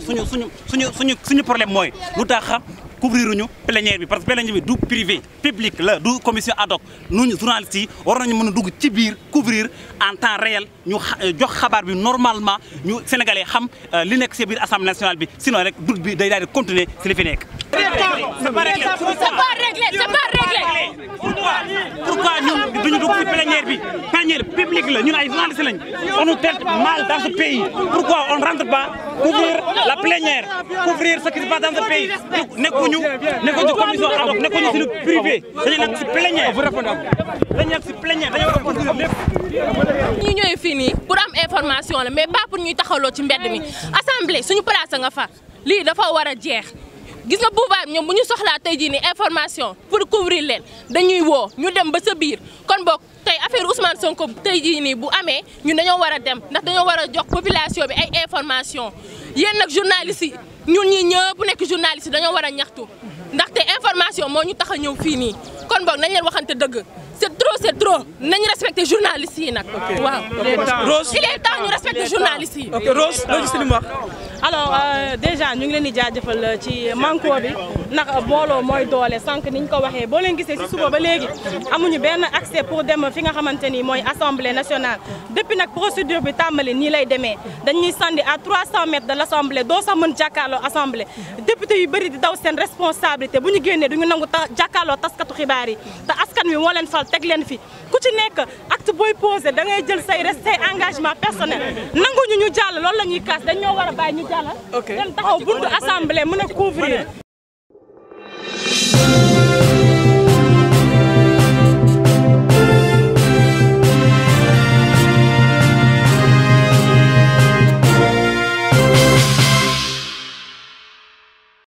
suñu suñu suñu suñu suñu problème mooy lu tax couvrir ñu plénière bi parce que plénière bi du privé public la du commission ad hoc ñun journalistes yi war nañu mun a dugg ci biir couvrir en temps réel ñu euh, jox xabaar bi normalement ñu sénégalais xam euh, li nekk ci biir assemblée nationale bi sinon rek dugg bi day daal di continuer ci li fi nekk. dugg ci plénière bi plénière publique la ñun ay journalistes lañ on nous traite mal dans ce pays pourquoi on rentre pas couvrir la plénière couvrir ce qui se dans ce pays nekkuñu nekkuñu ci commission ad hoc privé dañu nekk ci plénière ah, dañu nekk ci plénière dañu war a couvrir lépp ñu ñëwee fii nii pour am information la mais pas pour ñuy taxawloo ci mbedd mi lii dafa war a jeex gis nga Bouba ñoom bu ñu soxlaa tey jii nii information pour couvrir leen dañuy woo ñu dem ba sa biir kon boog tey affaire Ousmane Sonko tey jii nii bu amee ñun dañoo war a dem ndax dañoo war a jox population bi ay information yéen nag journalistes yi ñun ñi ñëpp nekk journaliste dañoo war a ñaxtu ndaxte information moo ñu tax a ñëw fii nii kon boog nañ leen waxante dëgg c'est trop c'est trop nañu respecter journalistes yi nag. waaw Rose il est temps ñu respecter journalistes yi. alors euh, déjà ñu ngi leen di jaajëfal euh, ci manko bi ndax euh, booloo mooy doole sànq niñ ko waxee boo leen gisee si suba ba léegi amuñu benn accès pour dem fi nga xamante ni mooy assemblée nationale depuis nag procédure bi tàmbali ni lay demee dañuy sandi à 300 mètres de l' assemblée doo sax mën jàkkaarloo assemblée député yu bëri di daw seen responsabilité bu ñu génnee duñu nangu ta jàkkaarloo taskatu xibaar yi te askan wi moo leen fal teg leen fi ku ci nekk acte booy posé da jël say reste engagement personnel nanguñu ñu jàll loolu la ñuy kaas dañ ñoo war a ñu jàll. ok dem taxaw buntu assemblée mën a couvrir.